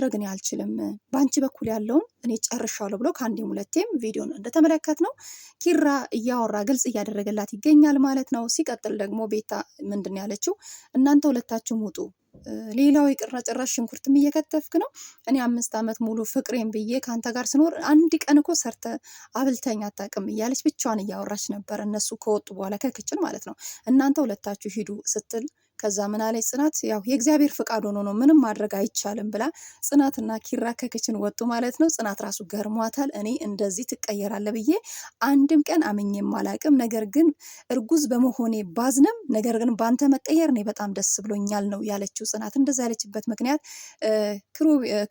ማድረግ እኔ አልችልም፣ በአንቺ በኩል ያለውን እኔ ጨርሻለሁ ብሎ ከአንዴም ሁለቴም ቪዲዮን እንደተመለከት ነው ኪራ እያወራ ግልጽ እያደረገላት ይገኛል ማለት ነው። ሲቀጥል ደግሞ ቤታ ምንድን ያለችው እናንተ ሁለታችሁም ውጡ ሌላው የቅራ ጭራሽ ሽንኩርትም እየከተፍክ ነው። እኔ አምስት ዓመት ሙሉ ፍቅሬን ብዬ ከአንተ ጋር ስኖር አንድ ቀን እኮ ሰርተ አብልተኝ አታውቅም እያለች ብቻዋን እያወራች ነበር። እነሱ ከወጡ በኋላ ከክችል ማለት ነው እናንተ ሁለታችሁ ሂዱ ስትል ከዛ ምን አለች ጽናት ያው የእግዚአብሔር ፍቃድ ሆኖ ነው ምንም ማድረግ አይቻልም ብላ ጽናትና ኪራ ከክችን ወጡ ማለት ነው። ጽናት ራሱ ገርሟታል። እኔ እንደዚህ ትቀየራለ ብዬ አንድም ቀን አምኜም አላቅም፣ ነገር ግን እርጉዝ በመሆኔ ባዝንም፣ ነገር ግን ባንተ መቀየር እኔ በጣም ደስ ብሎኛል ነው ያለችው ጽናት። እንደዛ ያለችበት ምክንያት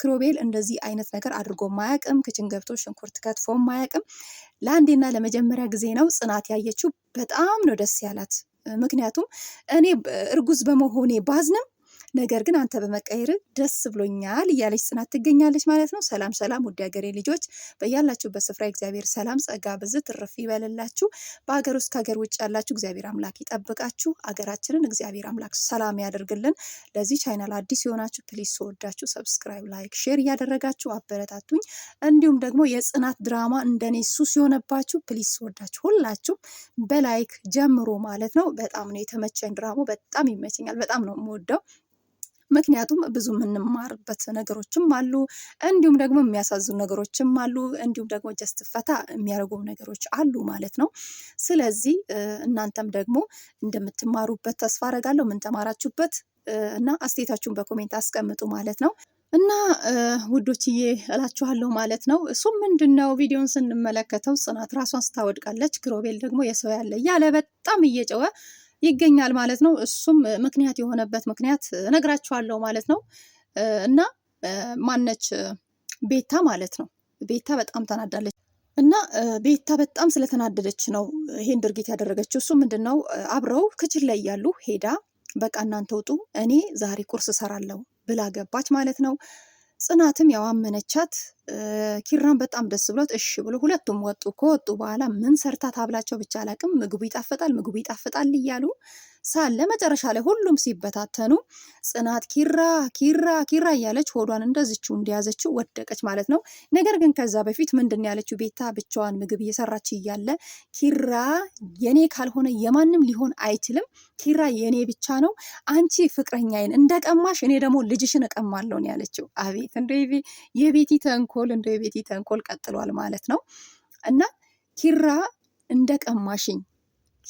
ክሮቤል እንደዚህ አይነት ነገር አድርጎ ማያቅም፣ ክችን ገብቶ ሽንኩርት ከትፎ ማያቅም። ለአንዴና ለመጀመሪያ ጊዜ ነው ጽናት ያየችው። በጣም ነው ደስ ያላት። ምክንያቱም እኔ እርጉዝ በመሆኔ ባዝንም ነገር ግን አንተ በመቀየር ደስ ብሎኛል እያለች ጽናት ትገኛለች ማለት ነው። ሰላም ሰላም፣ ውድ ሀገሬ ልጆች በያላችሁበት ስፍራ እግዚአብሔር ሰላም፣ ጸጋ፣ ብዝት ትርፍ ይበልላችሁ። በሀገር ውስጥ ከሀገር ውጭ ያላችሁ እግዚአብሔር አምላክ ይጠብቃችሁ። ሀገራችንን እግዚአብሔር አምላክ ሰላም ያደርግልን። ለዚህ ቻይናል አዲስ የሆናችሁ ፕሊስ ስወዳችሁ ሰብስክራይብ፣ ላይክ፣ ሼር እያደረጋችሁ አበረታቱኝ። እንዲሁም ደግሞ የጽናት ድራማ እንደኔ ሱስ የሆነባችሁ ፕሊስ ስወዳችሁ ሁላችሁም በላይክ ጀምሮ ማለት ነው። በጣም ነው የተመቸኝ ድራማ፣ በጣም ይመቸኛል፣ በጣም ነው የምወደው። ምክንያቱም ብዙ የምንማርበት ነገሮችም አሉ፣ እንዲሁም ደግሞ የሚያሳዝኑ ነገሮችም አሉ፣ እንዲሁም ደግሞ ጀስት ፈታ የሚያደርጉ ነገሮች አሉ ማለት ነው። ስለዚህ እናንተም ደግሞ እንደምትማሩበት ተስፋ አረጋለሁ። ምን ተማራችሁበት እና አስተያየታችሁን በኮሜንት አስቀምጡ ማለት ነው። እና ውዶችዬ እላችኋለሁ ማለት ነው። እሱም ምንድን ነው ቪዲዮን ስንመለከተው ጽናት ራሷን ስታወድቃለች፣ ክሮቤል ደግሞ የሰው ያለ እያለ በጣም እየጨወ ይገኛል ማለት ነው። እሱም ምክንያት የሆነበት ምክንያት እነግራችኋለሁ ማለት ነው። እና ማነች ቤታ ማለት ነው። ቤታ በጣም ተናዳለች እና ቤታ በጣም ስለተናደደች ነው ይሄን ድርጊት ያደረገችው። እሱ ምንድን ነው አብረው ክችል ላይ ያሉ ሄዳ በቃ እናንተ ውጡ፣ እኔ ዛሬ ቁርስ እሰራለሁ ብላ ገባች ማለት ነው። ጽናትም አመነቻት። ኪራን በጣም ደስ ብሎት እሺ ብሎ ሁለቱም ወጡ። ከወጡ በኋላ ምን ሰርታ ታብላቸው ብቻ አላቅም፣ ምግቡ ይጣፍጣል፣ ምግቡ ይጣፍጣል እያሉ ሳለ መጨረሻ ላይ ሁሉም ሲበታተኑ ጽናት ኪራ ኪራ ኪራ እያለች ሆዷን እንደዝችው እንደያዘችው ወደቀች ማለት ነው። ነገር ግን ከዛ በፊት ምንድን ያለችው ቤታ ብቻዋን ምግብ እየሰራች እያለ ኪራ የኔ ካልሆነ የማንም ሊሆን አይችልም፣ ኪራ የኔ ብቻ ነው፣ አንቺ ፍቅረኛዬን እንደቀማሽ እኔ ደግሞ ልጅሽን እቀማለሁ ነው ያለችው። አቤት እንደ የቤቲ ተንኮል እንደ የቤቲ ተንኮል ቀጥሏል ማለት ነው እና ኪራ እንደቀማሽኝ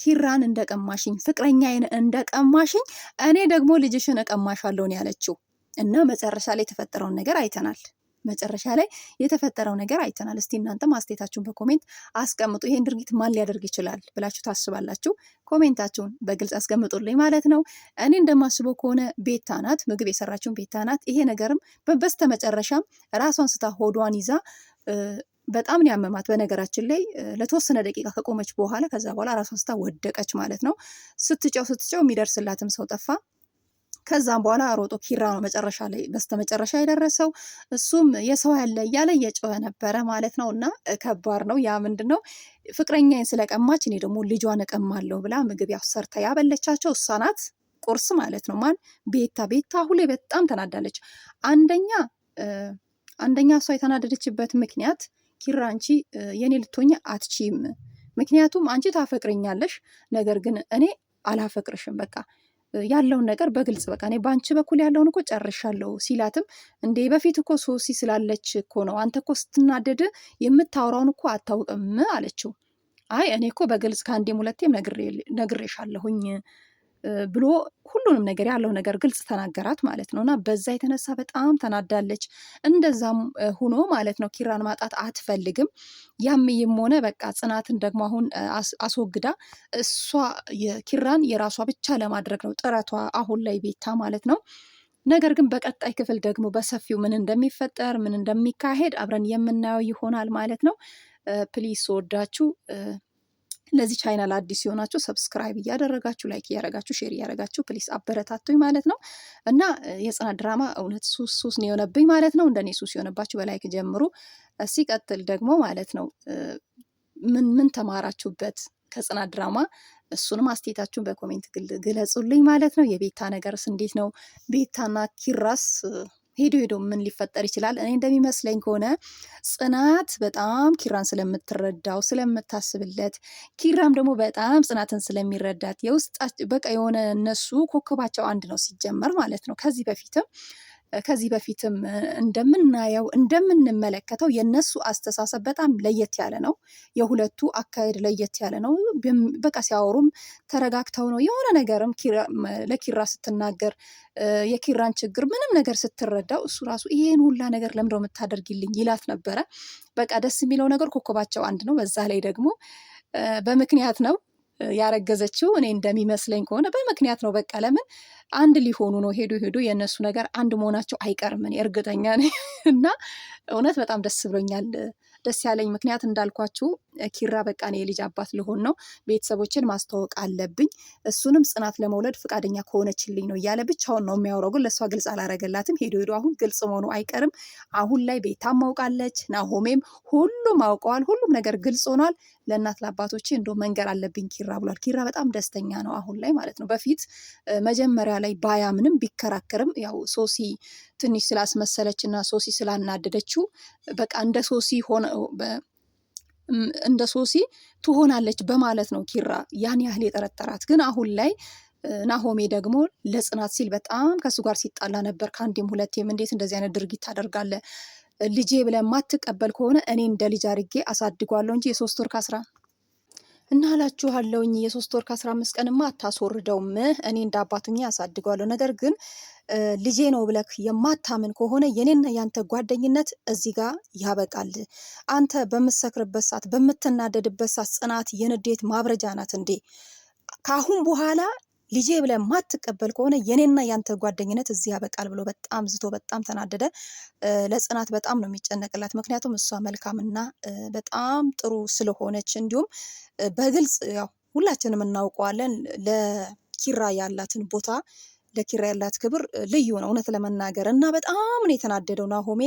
ኪራን እንደቀማሽኝ፣ ፍቅረኛዬን እንደቀማሽኝ እኔ ደግሞ ልጅሽን እቀማሻለሁ ነው ያለችው እና መጨረሻ ላይ የተፈጠረውን ነገር አይተናል። መጨረሻ ላይ የተፈጠረው ነገር አይተናል። እስቲ እናንተም አስተያየታችሁን በኮሜንት አስቀምጡ። ይሄን ድርጊት ማን ሊያደርግ ይችላል ብላችሁ ታስባላችሁ? ኮሜንታችሁን በግልጽ አስቀምጡልኝ ማለት ነው። እኔ እንደማስበው ከሆነ ቤታ ናት፣ ምግብ የሰራችውን ቤታ ናት። ይሄ ነገርም በበስተ መጨረሻም ራሷን ስታ ሆዷን ይዛ በጣም ነው ያመማት። በነገራችን ላይ ለተወሰነ ደቂቃ ከቆመች በኋላ ከዛ በኋላ ራሷን ስታ ወደቀች ማለት ነው። ስትጨው ስትጨው የሚደርስላትም ሰው ጠፋ። ከዛም በኋላ ሮጦ ኪራ ነው መጨረሻ ላይ በስተመጨረሻ የደረሰው። እሱም የሰው ያለ እያለ እየጮኸ ነበረ ማለት ነው። እና ከባድ ነው ያ ምንድን ነው ፍቅረኛዬን ስለቀማች እኔ ደግሞ ልጇን እቀማለሁ ብላ ምግብ ያው ሰርታ ያበለቻቸው እሷ ናት። ቁርስ ማለት ነው። ማን ቤታ ቤታ ሁሌ በጣም ተናዳለች። አንደኛ አንደኛ እሷ የተናደደችበት ምክንያት ኪራ አንቺ የኔ ልትሆኝ አትችም። ምክንያቱም አንቺ ታፈቅረኛለሽ፣ ነገር ግን እኔ አላፈቅርሽም። በቃ ያለውን ነገር በግልጽ በቃ እኔ በአንቺ በኩል ያለውን እኮ ጨርሻለሁ ሲላትም፣ እንዴ በፊት እኮ ሶሲ ስላለች እኮ ነው አንተ እኮ ስትናደድ የምታወራውን እኮ አታውቅም አለችው። አይ እኔ እኮ በግልጽ ከአንዴም ሁለቴም ነግሬሻለሁኝ ብሎ ሁሉንም ነገር ያለው ነገር ግልጽ ተናገራት ማለት ነው። እና በዛ የተነሳ በጣም ተናዳለች። እንደዛም ሁኖ ማለት ነው ኪራን ማጣት አትፈልግም። ያምይም ሆነ በቃ ጽናትን ደግሞ አሁን አስወግዳ እሷ ኪራን የራሷ ብቻ ለማድረግ ነው ጥረቷ አሁን ላይ ቤታ ማለት ነው። ነገር ግን በቀጣይ ክፍል ደግሞ በሰፊው ምን እንደሚፈጠር ምን እንደሚካሄድ አብረን የምናየው ይሆናል ማለት ነው። ፕሊስ ወዳችሁ ለዚህ ቻይናል አዲስ የሆናችሁ ሰብስክራይብ እያደረጋችሁ ላይክ እያደረጋችሁ ሼር እያደረጋችሁ ፕሊስ አበረታቱኝ ማለት ነው። እና የጽናት ድራማ እውነት ሱስ ሱስ የሆነብኝ ማለት ነው። እንደኔ ሱስ የሆነባችሁ በላይክ ጀምሩ። ሲቀጥል ደግሞ ማለት ነው ምን ምን ተማራችሁበት ከጽናት ድራማ? እሱንም አስቴታችሁን በኮሜንት ግለጹልኝ ማለት ነው። የቤታ ነገርስ እንዴት ነው? ቤታና ኪራስ ሄዶ ሄዶ ምን ሊፈጠር ይችላል? እኔ እንደሚመስለኝ ከሆነ ጽናት በጣም ኪራን ስለምትረዳው ስለምታስብለት፣ ኪራም ደግሞ በጣም ጽናትን ስለሚረዳት የውስጣ በቃ የሆነ እነሱ ኮከባቸው አንድ ነው ሲጀመር ማለት ነው ከዚህ በፊትም ከዚህ በፊትም እንደምናየው እንደምንመለከተው የነሱ አስተሳሰብ በጣም ለየት ያለ ነው። የሁለቱ አካሄድ ለየት ያለ ነው። በቃ ሲያወሩም ተረጋግተው ነው። የሆነ ነገርም ለኪራ ስትናገር የኪራን ችግር ምንም ነገር ስትረዳው እሱ ራሱ ይሄን ሁላ ነገር ለምንድነው የምታደርጊልኝ ይላት ነበረ። በቃ ደስ የሚለው ነገር ኮከባቸው አንድ ነው። በዛ ላይ ደግሞ በምክንያት ነው ያረገዘችው እኔ እንደሚመስለኝ ከሆነ በምክንያት ነው። በቃ ለምን አንድ ሊሆኑ ነው። ሄዱ ሄዱ የእነሱ ነገር አንድ መሆናቸው አይቀርም፣ እኔ እርግጠኛ ነኝ። እና እውነት በጣም ደስ ብሎኛል። ደስ ያለኝ ምክንያት እንዳልኳችሁ ኪራ በቃ እኔ የልጅ አባት ልሆን ነው፣ ቤተሰቦችን ማስተዋወቅ አለብኝ፣ እሱንም ጽናት ለመውለድ ፈቃደኛ ከሆነችልኝ ነው እያለ ብቻውን ነው የሚያወራው። ግን ለእሷ ግልጽ አላረገላትም። ሄዶ ሄዶ አሁን ግልጽ መሆኑ አይቀርም። አሁን ላይ ቤታም አውቃለች፣ ናሆሜም፣ ሁሉም አውቀዋል። ሁሉም ነገር ግልጽ ሆኗል። ለእናት ለአባቶቼ እንደ መንገር አለብኝ ኪራ ብሏል። ኪራ በጣም ደስተኛ ነው አሁን ላይ ማለት ነው። በፊት መጀመሪያ ላይ ባያምንም ቢከራከርም ያው ሶሲ ትንሽ ስላስመሰለች እና ሶሲ ስላናደደችው በቃ እንደ ሶሲ ሆነ እንደ ሶሲ ትሆናለች በማለት ነው ኪራ ያን ያህል የጠረጠራት። ግን አሁን ላይ ናሆሜ ደግሞ ለጽናት ሲል በጣም ከሱ ጋር ሲጣላ ነበር ከአንዴም ሁለቴም። እንዴት እንደዚህ አይነት ድርጊት ታደርጋለህ? ልጄ ብለህ የማትቀበል ከሆነ እኔ እንደ ልጅ አድርጌ አሳድጓለሁ እንጂ የሶስት ወር ከአስራ እና እላችኋለሁኝ የሶስት ወር ከአስራ አምስት ቀንማ አታስወርደውም። እኔ እንደ አባቱኛ ያሳድገዋለሁ። ነገር ግን ልጄ ነው ብለክ የማታምን ከሆነ የኔና ያንተ ጓደኝነት እዚህ ጋር ያበቃል። አንተ በምትሰክርበት ሰዓት፣ በምትናደድበት ሰዓት ጽናት የንዴት ማብረጃ ናት እንዴ? ከአሁን በኋላ ልጄ ብለህ ማትቀበል ከሆነ የኔና ያንተ ጓደኝነት እዚህ ያበቃል ብሎ በጣም ዝቶ በጣም ተናደደ። ለጽናት በጣም ነው የሚጨነቅላት። ምክንያቱም እሷ መልካምና በጣም ጥሩ ስለሆነች እንዲሁም በግልጽ ያው ሁላችንም እናውቀዋለን ለኪራ ያላትን ቦታ ለኪራ ያላት ክብር ልዩ ነው እውነት ለመናገር እና በጣም ነው የተናደደው ናሆሜ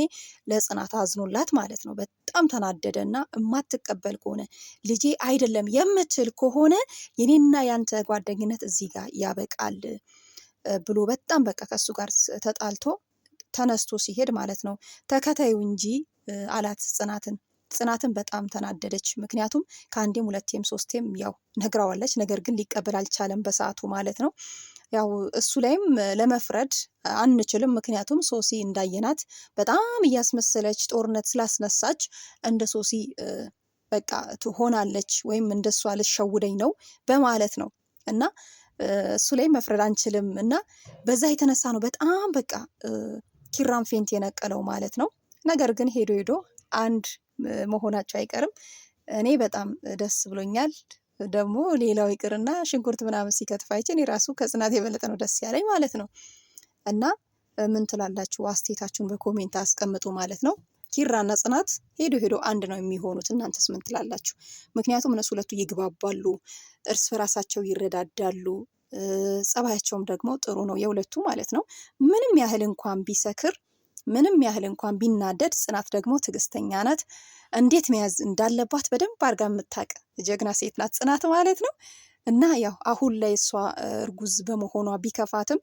ለጽናት አዝኖላት ማለት ነው። በጣም ተናደደ እና የማትቀበል ከሆነ ልጄ አይደለም የምትል ከሆነ የኔና ያንተ ጓደኝነት እዚህ ጋር ያበቃል ብሎ በጣም በቃ ከሱ ጋር ተጣልቶ ተነስቶ ሲሄድ ማለት ነው ተከታዩ እንጂ አላት ጽናትን። ጽናትን በጣም ተናደደች። ምክንያቱም ከአንዴም ሁለቴም ሶስቴም ያው ነግራዋለች፣ ነገር ግን ሊቀበል አልቻለም በሰዓቱ ማለት ነው። ያው እሱ ላይም ለመፍረድ አንችልም። ምክንያቱም ሶሲ እንዳየናት በጣም እያስመሰለች ጦርነት ስላስነሳች እንደ ሶሲ በቃ ትሆናለች ወይም እንደሷ ልሸውደኝ ነው በማለት ነው እና እሱ ላይ መፍረድ አንችልም እና በዛ የተነሳ ነው በጣም በቃ ኪራን ፌንት የነቀለው ማለት ነው። ነገር ግን ሄዶ ሄዶ አንድ መሆናቸው አይቀርም። እኔ በጣም ደስ ብሎኛል። ደግሞ ሌላው ይቅርና ሽንኩርት ምናምን ሲከትፍ አይቼ እኔ ራሱ ከጽናት የበለጠ ነው ደስ ያለኝ ማለት ነው። እና ምን ትላላችሁ? አስቴታችሁን በኮሜንት አስቀምጡ ማለት ነው። ኪራና ጽናት ሄዶ ሄዶ አንድ ነው የሚሆኑት። እናንተስ ምን ትላላችሁ? ምክንያቱም እነሱ ሁለቱ ይግባባሉ፣ እርስ በራሳቸው ይረዳዳሉ። ጸባያቸውም ደግሞ ጥሩ ነው የሁለቱ ማለት ነው። ምንም ያህል እንኳን ቢሰክር ምንም ያህል እንኳን ቢናደድ ጽናት ደግሞ ትዕግስተኛ ናት። እንዴት መያዝ እንዳለባት በደንብ አድርጋ የምታውቅ ጀግና ሴት ናት ጽናት ማለት ነው። እና ያው አሁን ላይ እሷ እርጉዝ በመሆኗ ቢከፋትም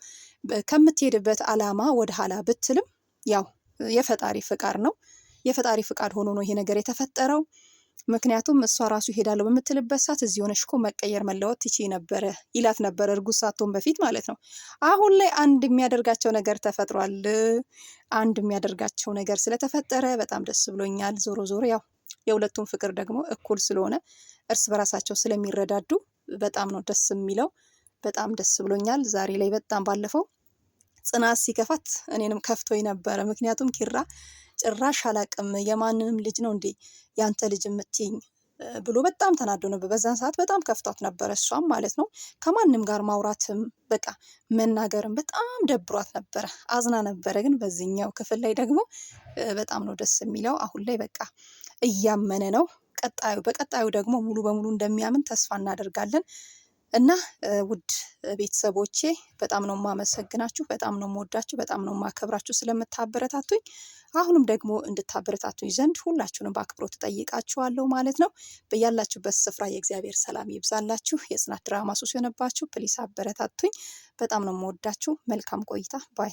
ከምትሄድበት አላማ ወደ ኋላ ብትልም ያው የፈጣሪ ፍቃድ ነው። የፈጣሪ ፍቃድ ሆኖ ነው ይሄ ነገር የተፈጠረው። ምክንያቱም እሷ ራሱ ይሄዳለሁ በምትልበት ሰዓት እዚህ ሆነሽ እኮ መቀየር መለወጥ ትቺ ነበረ ይላት ነበረ፣ እርጉዝ ሳትሆን በፊት ማለት ነው። አሁን ላይ አንድ የሚያደርጋቸው ነገር ተፈጥሯል። አንድ የሚያደርጋቸው ነገር ስለተፈጠረ በጣም ደስ ብሎኛል። ዞሮ ዞሮ ያው የሁለቱም ፍቅር ደግሞ እኩል ስለሆነ እርስ በራሳቸው ስለሚረዳዱ በጣም ነው ደስ የሚለው። በጣም ደስ ብሎኛል ዛሬ ላይ በጣም ባለፈው ጽናት ሲከፋት እኔንም ከፍቶ ነበረ። ምክንያቱም ኪራ ጭራሽ አላቅም የማንንም ልጅ ነው እንዴ ያንተ ልጅ የምትይኝ ብሎ በጣም ተናዶ ነበር። በዛን ሰዓት በጣም ከፍቷት ነበረ፣ እሷም ማለት ነው። ከማንም ጋር ማውራትም በቃ መናገርም በጣም ደብሯት ነበረ፣ አዝና ነበረ። ግን በዚህኛው ክፍል ላይ ደግሞ በጣም ነው ደስ የሚለው። አሁን ላይ በቃ እያመነ ነው። ቀጣዩ በቀጣዩ ደግሞ ሙሉ በሙሉ እንደሚያምን ተስፋ እናደርጋለን። እና ውድ ቤተሰቦቼ በጣም ነው የማመሰግናችሁ፣ በጣም ነው የምወዳችሁ፣ በጣም ነው የማከብራችሁ ስለምታበረታቱኝ። አሁንም ደግሞ እንድታበረታቱኝ ዘንድ ሁላችሁንም በአክብሮት ጠይቃችኋለሁ ማለት ነው። በያላችሁበት ስፍራ የእግዚአብሔር ሰላም ይብዛላችሁ። የጽናት ድራማ ሱስ የሆነባችሁ ፕሊስ አበረታቱኝ። በጣም ነው የምወዳችሁ። መልካም ቆይታ ባይ